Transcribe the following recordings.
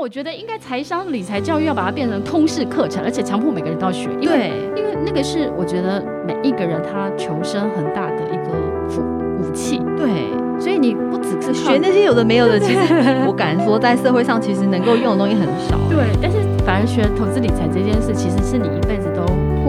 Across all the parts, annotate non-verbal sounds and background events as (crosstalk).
我覺得應該財商、理財教育要把它變成通識課程，而且強迫每個人都要學因為，對，因為那個是我覺得每一個人他求生很大的一個武武器對。對，所以你不只是學那些有的沒有的，其實我敢說，在社會上其實能夠用的東西很少。對，但是反而學投資理財這件事，其實是你一輩子都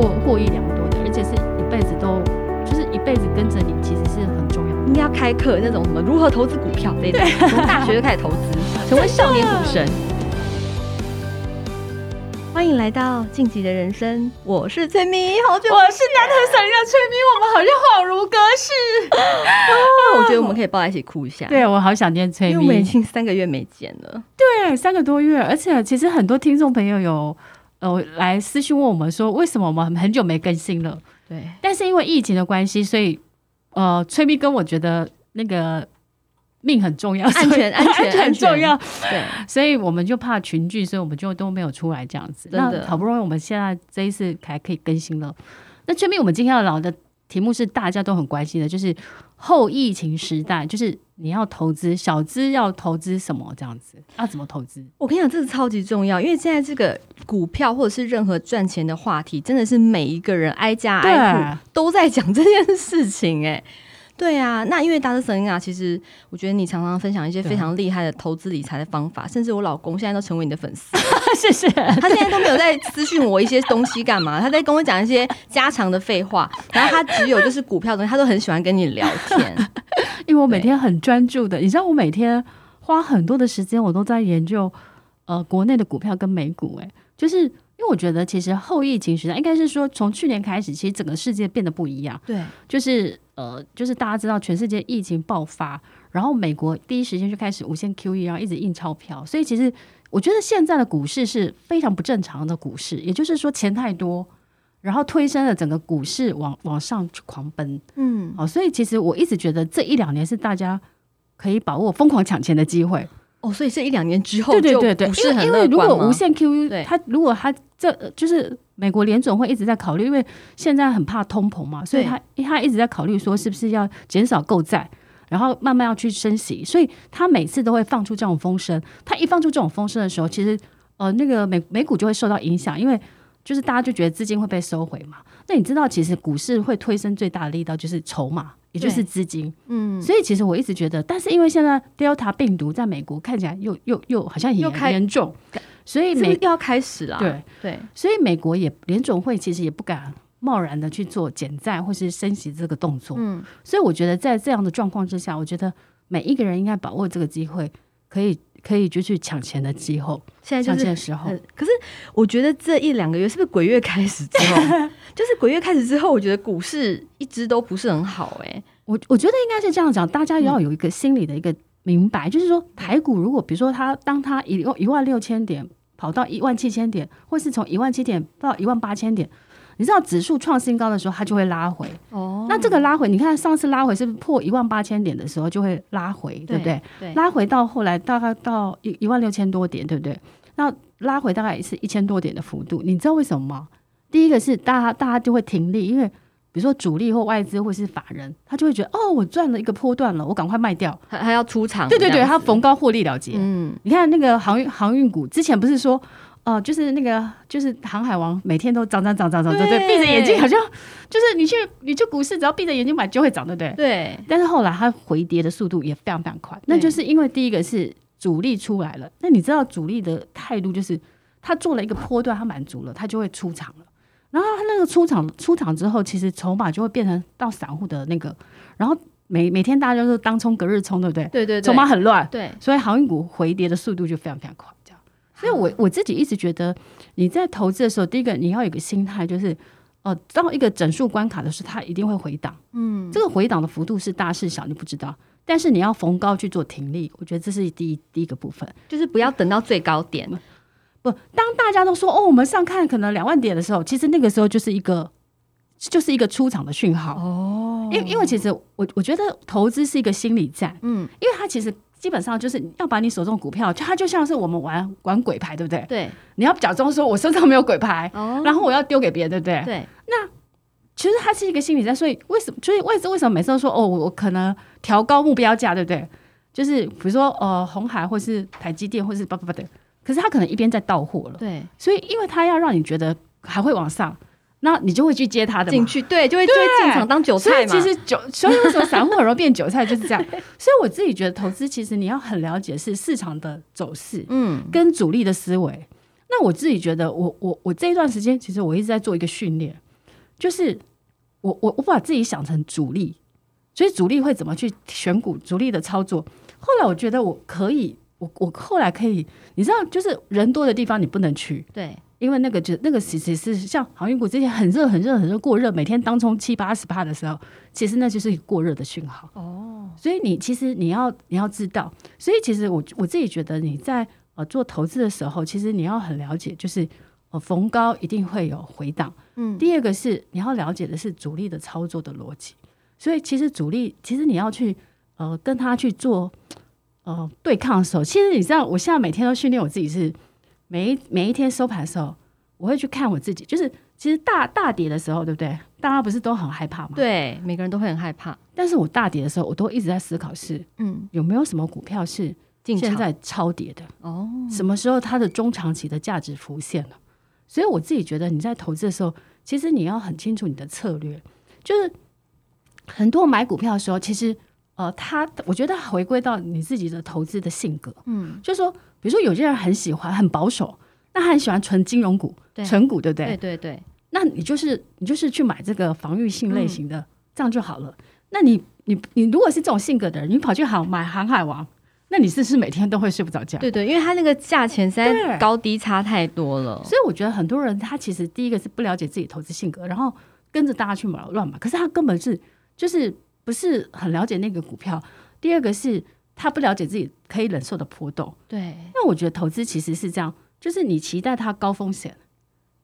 獲獲益良多的，而且是一輩子都就是一輩子跟着你，其實是很重要的。應該要開課那種什麼如何投資股票對，對，從大學就開始投資， (laughs) 成為少年股神。 (laughs) 歡迎來到進擊的人生，我是崔咪，好久不見，我是難得想要崔咪，我們好像恍如隔世， (laughs) (laughs) 我覺得我們可以抱在一起哭一下。 (laughs) 對，我好想念崔咪，我們已經三個月沒見了。對，三個多月，而且其實很多聽眾朋友有呃來私訊問我們說，為什麼我們很久沒更新了？對，但是因為疫情的關係，所以呃，崔咪跟我覺得那個。命很重要，安全安全很重要。對 (laughs) 安全， (laughs) 所以我們就怕群聚，所以我們就都沒有出來這樣子。那好不容易我們現在這一次才可以更新了。那這邊我們今天要聊的題目是大家都很關心的，就是後疫情時代，就是你要投資小資要投資什麼這樣子？要怎麼投資？我跟你講，這是、個、超級重要，因為現在這個股票或者是任何賺錢的話題，真的是每一個人挨家挨戶都在講這件事情、欸，誒。對啊，那因為 Dr. Selena 啊，其實我覺得你常常分享一些非常厲害的投資理財的方法、啊，甚至我老公現在都成為你的粉絲。 (laughs) 謝謝他現在都沒有在私訊我一些東西幹嘛， (laughs) 他在跟我講一些家常的廢話，然後他只有就是股票的東西，他都很喜歡跟你聊天， (laughs) 因為我每天很專注的，你知道我每天花很多的時間，我都在研究呃國內的股票跟美股、欸，誒，就是。因為我覺得，其實後疫情時代應該是說，從去年開始，其實整個世界變得不一樣。對，就是呃，就是大家知道，全世界疫情爆發，然後美國第一時間就開始無限 QE，然後一直印鈔票，所以其實我覺得現在的股市是非常不正常的股市，也就是說錢太多，然後推升了整個股市往往上狂奔。嗯，好，呃，所以其實我一直覺得這一兩年是大家可以把握瘋狂搶錢的機會。哦，所以是一兩年之後就，對對對對，是因，因為如果無限 QE，他如果他這就是美國聯總會一直在考慮，因為現在很怕通膨嘛，所以他他一直在考慮說是不是要減少購債，然後慢慢要去升息，所以他每次都會放出這種風聲。他一放出這種風聲的時候，其實呃那個美美股就會受到影響，因為就是大家就覺得資金會被收回嘛。那你知道，其實股市會推升最大的力道就是籌碼。也就是資金，嗯，所以其實我一直覺得，但是因為現在 Delta 病毒在美國看起來又又又好像很嚴重，所以美是是要開始了對，對所以美國也聯總會其實也不敢貿然的去做減債或是升息這個動作，嗯，所以我覺得在這樣的狀況之下，我覺得每一個人應該把握這個機會，可以。可以就去搶錢的機會，就是，搶錢的時候。可是我覺得這一兩個月是不是鬼月開始之後？ (laughs) 就是鬼月開始之後，我覺得股市一直都不是很好哎、欸。我我覺得應該是這樣講，大家也要有一個心理的一個明白，嗯、就是說，台股如果比如說它當它一一萬六千點跑到一萬七千點，或是從一萬七點到一萬八千點。你知道指數創新高的時候，它就會拉回。哦，oh，那這個拉回，你看上次拉回是破一萬八千點的時候就會拉回，對，對不對？對，拉回到後來大概到一一萬六千多點，對不對？那拉回大概也是一千多點的幅度。你知道為什麼嗎？第一個是大家大家就會停利，因為比如說主力或外資或是法人，他就會覺得哦，我賺了一個波段了，我趕快賣掉，還還要出場。對對對，他逢高獲利了結。嗯，你看那個航運航運股之前不是說。哦、呃，就是那個，就是航海王，每天都漲漲漲漲漲，對對？閉着眼睛好像就是你去你去股市，只要閉着眼睛買就會漲，對不對？對。但是後來它回跌的速度也非常非常快，那就是因為第一個是主力出來了。那你知道主力的態度就是他做了一個波段，他滿足了，他就會出場了。然後他那個出場出場之後，其實籌碼就會變成到散戶的那個。然後每每天大家都是當衝隔日衝，對不對？對對對，對。籌碼很亂，對。所以航運股回跌的速度就非常非常快。所以我我自己一直覺得，你在投資的時候，第一個你要有個心態，就是哦、呃，到一個整數關卡的時候，它一定會回檔。嗯，這個回檔的幅度是大是小你不知道，但是你要逢高去做停利。我覺得這是第一第一個部分，就是不要等到最高點。嗯、不，當大家都說哦，我們上看可能兩萬點的時候，其實那個時候就是一個就是一個出場的訊號。哦，因為因為其實我我覺得投資是一個心理戰。嗯，因為它其實。基本上就是要把你手中的股票，就它就像是我們玩玩鬼牌，對不對？對，你要假裝說我身上沒有鬼牌、嗯，然後我要丟給別人，對不對？對。那其實它是一個心理戰，所以為什麼？所以外資為什麼每次都說哦，我可能調高目標價，對不對？就是比如說呃，鴻海、或是台積電或是叭叭叭的，可是它可能一邊在倒貨了，對。所以因為它要讓你覺得還會往上。那你就會去接他的進去，對，就會就會進場當韭菜嘛。其實韭，所以為什麼散戶容易變韭菜 (laughs) 就是這樣。所以我自己覺得投資，其實你要很了解是市場的走勢，嗯，跟主力的思維、嗯。那我自己覺得我，我我我這一段時間其實我一直在做一個訓練，就是我我我把自己想成主力，所以就是主力會怎麼去選股，主力的操作。後來我覺得我可以，我我後來可以，你知道，就是人多的地方你不能去，對。因為那個就那個其實，是像航運股之前很熱、很熱、很熱過熱，每天當沖七八十趴的時候，其實那就是一個過熱的訊號哦。所以你其實你要你要知道，所以其實我我自己覺得你在呃做投資的時候，其實你要很了解，就是呃逢高一定會有回檔。嗯，第二個是你要了解的是主力的操作的邏輯。所以其實主力，其實你要去呃跟他去做呃對抗的時候，其實你知道，我現在每天都訓練我自己是。每一每一天收盤的時候，我會去看我自己。就是其實大大跌的時候，對不對？大家不是都很害怕嗎？對，每個人都會很害怕。但是我大跌的時候，我都一直在思考是，嗯，有沒有什麼股票是近期在超跌的？哦，什麼時候它的中長期的價值浮現了？哦，所以我自己覺得，你在投資的時候，其實你要很清楚你的策略。就是很多買股票的時候，其實。哦、呃，他我覺得他回歸到你自己的投資的性格，嗯，就是說比如說有些人很喜歡很保守，那他很喜歡存金融股、存股，對不對？對對對，那你就是你就是去買這個防御性類型的、嗯，這樣就好了。那你你你如果是這種性格的人，你跑去航買航海王，那你是不是每天都會睡不着覺？對，對對，因為他那個價錢實在高低差太多了。所以我覺得很多人他其實第一個是不了解自己投資性格，然後跟着大家去買亂買，可是他根本是就是。不是很了解那個股票，第二個是他不了解自己可以忍受的波動。對，那我覺得投資其實是這樣，就是你期待它高風險，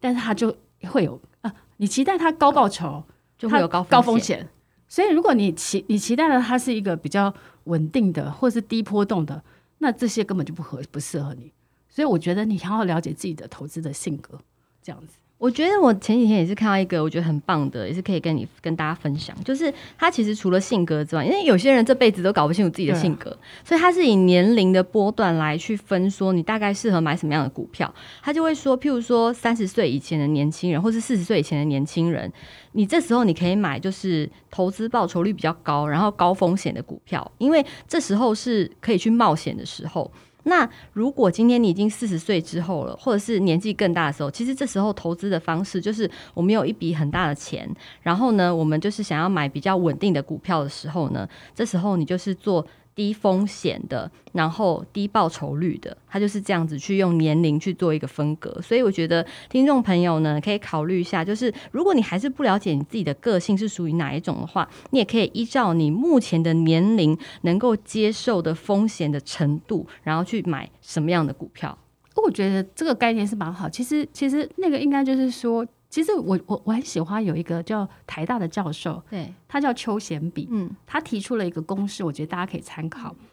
但是它就會有啊，你期待它高報酬，就會有高風險。風險，所以如果你期你期待的它是一個比較穩定的，或是低波動的，那這些根本就不合不適合你。所以我覺得你好好了解自己的投資的性格，這樣子。我覺得我前幾天也是看到一個，我覺得很棒的，也是可以跟你跟大家分享。就是他其實除了性格之外，因為有些人這輩子都搞不清楚自己的性格，啊、所以他是以年齡的波段來去分，說你大概適合買什麼樣的股票。他就會說，譬如說三十歲以前的年輕人，或是四十歲以前的年輕人，你這時候你可以買就是投資報酬率比較高，然後高風險的股票，因為這時候是可以去冒險的時候。那如果今天你已經四十歲之後了，或者是年紀更大的時候，其實這時候投資的方式就是我們有一筆很大的錢，然後呢，我們就是想要買比較穩定的股票的時候呢，這時候你就是做。低風險的，然後低報酬率的，它就是這樣子去用年齡去做一個分隔。所以我覺得聽眾朋友呢，可以考慮一下，就是如果你還是不了解你自己的個性是屬於哪一種的話，你也可以依照你目前的年齡能夠接受的風險的程度，然後去買什麼樣的股票。我覺得這個概念是蠻好。其實，其實那個應該就是說。其實我我我很喜歡有一個叫台大的教授，對，他叫邱顯比，嗯，他提出了一個公式，我覺得大家可以參考。嗯、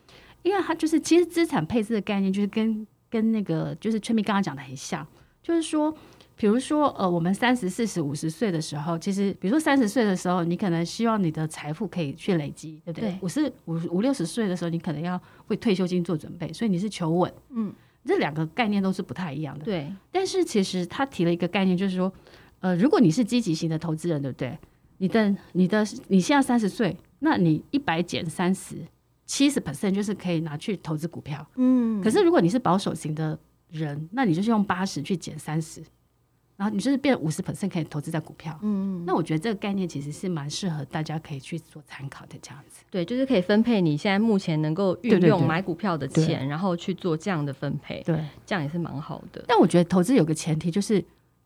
因為他就是其實資產配置的概念就是跟跟那個就是崔咪剛剛講的很像，就是說，比如說呃，我們三十四十五十歲的時候，其實比如說三十歲的時候，你可能希望你的財富可以去累積，對不對？我是五五六十歲的時候，你可能要為退休金做準備，所以你是求穩，嗯，這兩個概念都是不太一樣的，對。但是其實他提了一個概念，就是說。呃，如果你是積極型的投資人，對不對？你的、你的、你現在三十歲，那你一百減三十，七十 percent 就是可以拿去投資股票。嗯。可是如果你是保守型的人，那你就是用八十去減三十，然後你就是變五十 percent 可以投資在股票。嗯嗯。那我覺得這個概念其實是蠻適合大家可以去做參考的，這樣子。對，就是可以分配你現在目前能夠運用買股票的錢，對對對，然後去做這樣的分配。對，這樣也是蠻好的。但我覺得投資有個前提就是。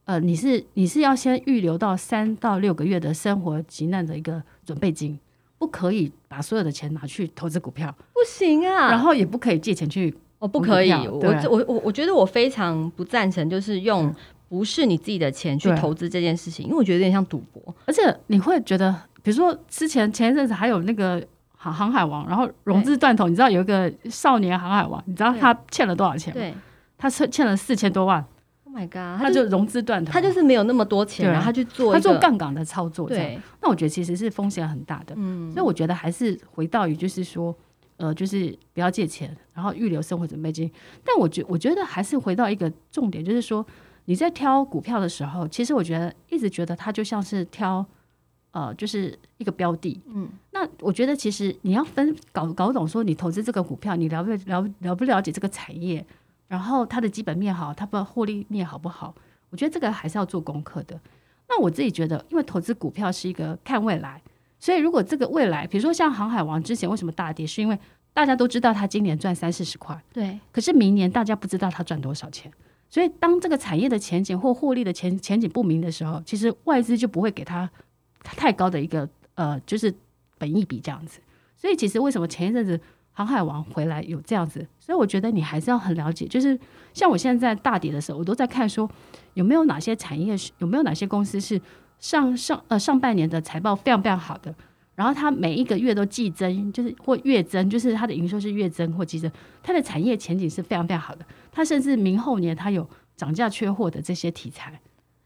呃，你是你是要先預留到三到六個月的生活急難的一個準備金，不可以把所有的錢拿去投資股票，不行啊。然後也不可以借錢去哦，我不可以。我我我我覺得我非常不贊成，就是用不是你自己的錢去投資這件事情，因為我覺得有點像賭博。而且你會覺得，比如說之前前一陣子還有那個航航海王，然後融資斷頭，你知道有一個少年航海王，你知道他欠了多少錢嗎？對，他欠欠了四千多萬。Oh my God，他就融資斷頭他就是，他就是沒有那麼多錢啊，然後他去做他做槓桿的操作這樣。對，那我覺得其實是風險很大的。嗯，所以我覺得還是回到於就是說，呃，就是不要借錢，然後預留生活準備金。但我覺我覺得還是回到一個重點，就是說你在挑股票的時候，其實我覺得一直覺得它就像是挑呃，就是一個標的。嗯，那我覺得其實你要分搞搞懂，說你投資這個股票，你了不了了不了解這個產業。然後它的基本面好，它的獲利面好不好？我覺得這個還是要做功課的。那我自己覺得，因為投資股票是一個看未來，所以如果這個未來，比如說像航海王之前為什麼大跌，是因為大家都知道它今年賺三四十塊，對，可是明年大家不知道它賺多少錢。所以當這個產業的前景或獲利的前前景不明的時候，其實外資就不會給它太高的一個呃，就是本益比這樣子。所以其實為什麼前一陣子？航海王回來有這樣子，所以我覺得你還是要很了解。就是像我現在在大跌的時候，我都在看說有沒有哪些產業是有沒有哪些公司是上上呃上半年的財報非常非常好的，然後它每一個月都季增，就是或月增，就是它的營收是月增或季增，它的產業前景是非常非常好的。它甚至明後年它有漲價缺貨的這些題材，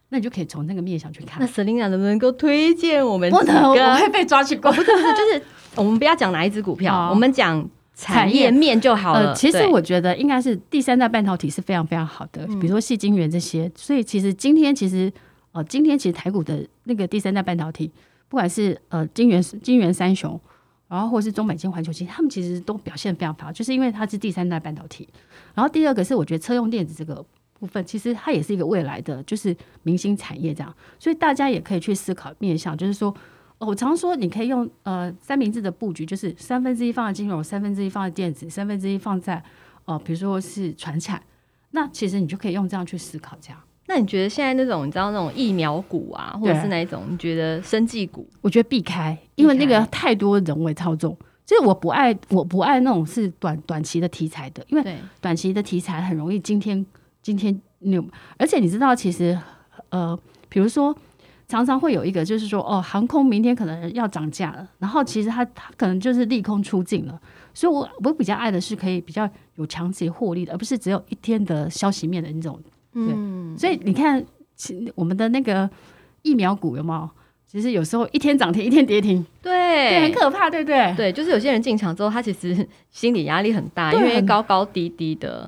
那你就可以從那個面向去看。那 Selena 能不能夠推薦我們？不、嗯、能、嗯嗯嗯嗯嗯，我會、嗯、被抓去。我不是，就是 (laughs) 我們不要講哪一只股票，oh, 我們講。產業，產業面就好了。呃，其實我覺得應該是第三代半導體是非常非常好的，嗯、比如說矽晶圓，這些。所以其實今天其實，呃，今天其實台股的那個第三代半導體，不管是呃晶圓、晶圓三雄，然後或是中美晶、環球晶，其實他們其實都表現非常好，就是因為它是第三代半導體。然後第二個是我覺得車用電子這個部分，其實它也是一個未來的就是明星產業這樣，所以大家也可以去思考面向，就是說。我常說，你可以用呃三明治的布局，就是三分之一放在金融，三分之一放在電子，三分之一放在哦、呃，比如說是傳產。那其實你就可以用這樣去思考。這樣，那你覺得現在那種你知道那種疫苗股啊，或者是哪一種、啊？你覺得生技股？我覺得避開，因為那個太多人為操縱。就是我不愛我不愛那種是短短期的題材的，因為短期的題材很容易今天今天牛。而且你知道，其實呃，比如說。常常會有一個，就是說，哦，航空明天可能要漲價了，然後其實它，它可能就是利空出盡，了，所以我，我比較愛的是可以比較有長期獲利的，而不是只有一天的消息面的那種的。對、嗯，所以你看我們的那個疫苗股有沒有？其實有時候一天漲停，一天跌停，對，對，很可怕，對不對？對，就是有些人進場之後，他其實心理壓力很大，因為高高低低的。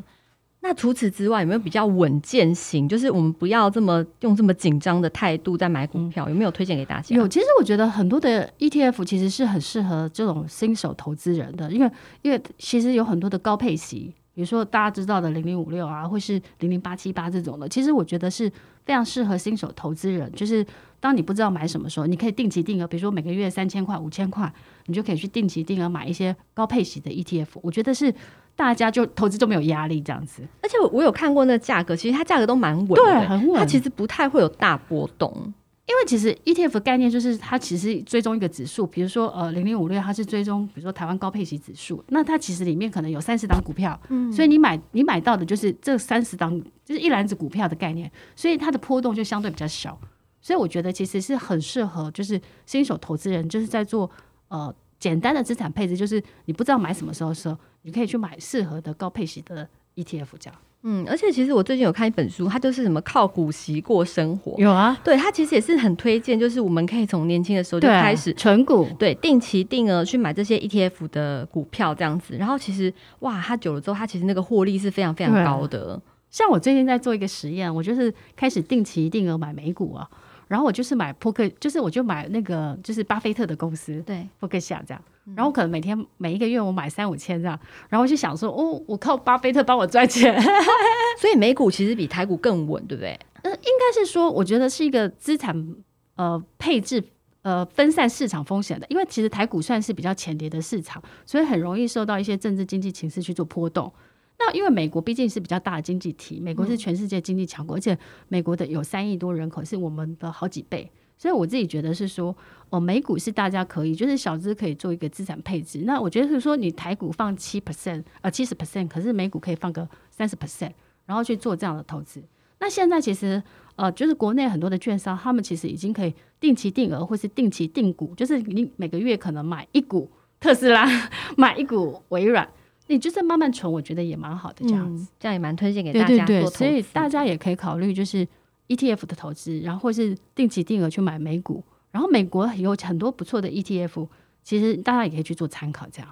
那除此之外，有沒有比較穩健型？就是我們不要這麼用這麼緊張的態度在買股票，嗯，有沒有推薦給大家？有，其實我覺得很多的 ETF 其實是很適合這種新手投資人的，因為因為其實有很多的高配息，比如說大家知道的零零五六啊，或是零零八七八這種的，其實我覺得是非常適合新手投資人。就是當你不知道買什麼時候，你可以定期定額，比如說每個月三千塊、五千塊，你就可以去定期定額買一些高配息的 ETF。我覺得是。大家就投資都沒有壓力這樣子，而且我有看過那個價格，其實它價格都蠻穩的。欸，對，很穩。它其實不太會有大波動，因為其實 ETF 概念，就是它其實追蹤一個指數，比如說呃零零五六，它是追蹤比如說台灣高配息指數，那它其實裡面可能有三十檔股票。嗯，所以你買你買到的就是這三十檔，就是一籃子股票的概念，所以它的波動就相對比較小，所以我覺得其實是很適合就是新手投資人就是在做呃簡單的資產配置，就是你不知道買什麼時候的時候。你可以去買適合的高配息的 ETF，這樣。嗯，而且其實我最近有看一本書，它就是什麼靠股息過生活。有啊，對，它其實也是很推薦，就是我們可以從年輕的時候就開始存、啊、股，對，定期定額去買這些 ETF 的股票這樣子。然後其實哇，它久了之後，它其實那個獲利是非常非常高的、啊。像我最近在做一個實驗，我就是開始定期定額買美股啊，然後我就是買波克夏，就是我就買那個就是巴菲特的公司，對，波克夏這樣。然後可能每天每一個月我買三五千這樣，然後我就想說哦，我靠巴菲特幫我賺錢， (laughs) (laughs) 所以美股其實比台股更穩，對不對？嗯、呃，應該是說，我覺得是一個資產呃配置，呃分散市場風險的，因為其實台股算是比較淺碟的市場，所以很容易受到一些政治經濟情勢去做波動。那因為美國畢竟是比較大的經濟體，美國是全世界經濟強國，嗯、而且美國的有三億多人口，是我們的好幾倍。所以我自己覺得是說，哦，美股是大家可以，就是小資可以做一個資產配置。那我覺得是說，你台股放七 percent 呃，七十 percent，可是美股可以放個三十 percent，然後去做這樣的投資。那現在其實，呃，就是國內很多的券商，他們其實已經可以定期定額，或是定期定股，就是你每個月可能買一股特斯拉，買一股微軟，你就是慢慢存，我覺得也蠻好的這樣子，嗯，這樣也蠻推薦給大家，對對對對，做投資。所以大家也可以考慮就是。ETF 的投資，然後或是定期定額去買美股，然後美國有很多不錯的 ETF，其實大家也可以去做參考。這樣，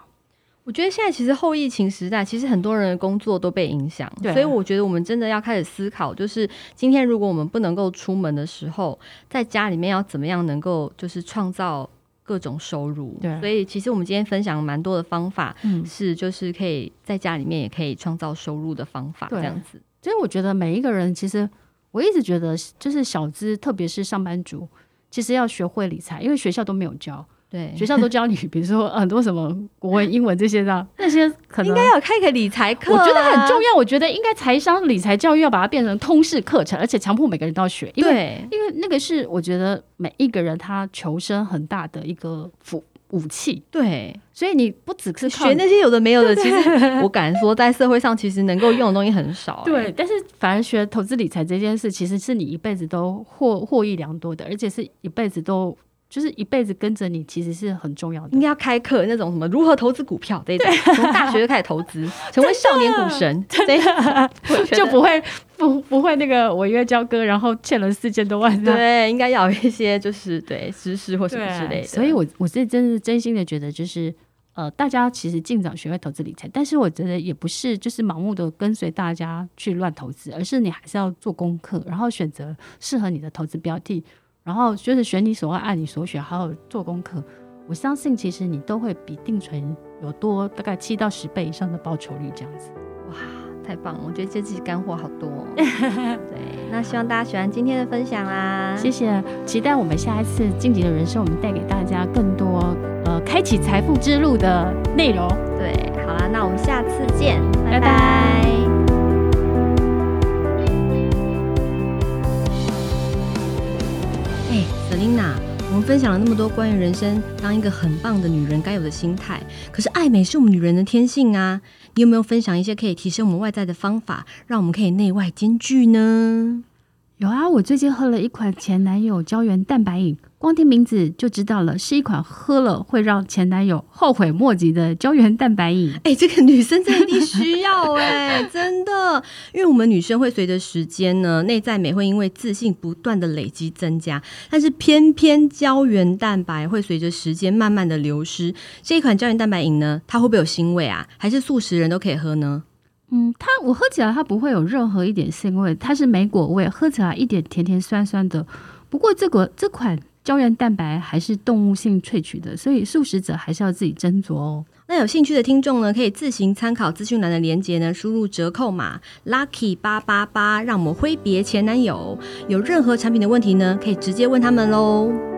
我覺得現在其實後疫情時代，其實很多人的工作都被影響，所以我覺得我們真的要開始思考，就是今天如果我們不能夠出門的時候，在家裡面要怎麼樣能夠就是創造各種收入。對，所以其實我們今天分享蠻多的方法，嗯，是就是可以在家裡面也可以創造收入的方法，這樣子。所以我覺得每一個人其實。我一直覺得，就是小資，特別是上班族，其實要學會理財，因為學校都沒有教。對，學校都教你，比如說很多什麼國文、英文這些的， (laughs) 那些可能應該要開個理財課。我覺得很重要。我覺得應該財商、理財教育要把它變成通識課程，而且強迫每個人都要學。因為因為那個是我覺得每一個人他求生很大的一個福。武器。對，所以你不只是學那些有的沒有的。對對對，其實我敢說，在社會上其實能夠用的東西很少欸。對，但是反而學投資理財這件事，其實是你一輩子都獲獲益良多的，而且是一輩子都。就是一輩子跟着你，其實是很重要的。應該要開課，那種什麼如何投資股票對,對，從大學就開始投資， (laughs) 成為少年股神，對， (laughs) 就不會不不會那個違約交割，然後欠了四千多萬。對，對應該要有一些就是對知識或什麼之類的。啊、所以我我是真是真心的覺得，就是呃，大家其實盡早學會投資理財，但是我覺得也不是就是盲目的跟隨大家去亂投資，而是你還是要做功課，然後選擇適合你的投資標的。然後就是選你所愛，愛你所選，還有做功課。我相信其實你都會比定存有多大概七到十倍以上的報酬率這樣子。哇，太棒了！我覺得這次乾貨好多。哦。 (laughs) 對，那希望大家喜歡今天的分享啦、啊。 (laughs) 謝謝，期待我們下一次《進擊的人生》，我們帶給大家更多呃開啟財富之路的內容。對，好啦，那我們下次見，拜拜。拜拜那、啊、我們分享了那麼多關於人生，當一個很棒的女人該有的心態。可是愛美是我們女人的天性啊！你有沒有分享一些可以提升我們外在的方法，讓我們可以內外兼具呢？有啊，我最近喝了一款前男友膠原蛋白飲，光聽名字就知道了，是一款喝了會讓前男友後悔莫及的膠原蛋白飲。哎、欸，這個女生真的需要哎、欸， (laughs) 真的，因為我們女生會隨着時間呢，內在美會因為自信不斷的累積增加，但是偏偏膠原蛋白會隨着時間慢慢的流失。這一款膠原蛋白飲呢，它會不會有腥味啊？還是素食人都可以喝呢？嗯，它我喝起來它不會有任何一點腥味，它是莓果味，喝起來一點甜甜酸酸的。不過這個這款膠原蛋白還是動物性萃取的，所以素食者還是要自己斟酌哦。那有興趣的聽眾呢，可以自行參考資訊欄的鏈接呢，輸入折扣碼 lucky 八八八，Lucky888，讓我們揮別前男友。有任何產品的問題呢，可以直接問他們嘍。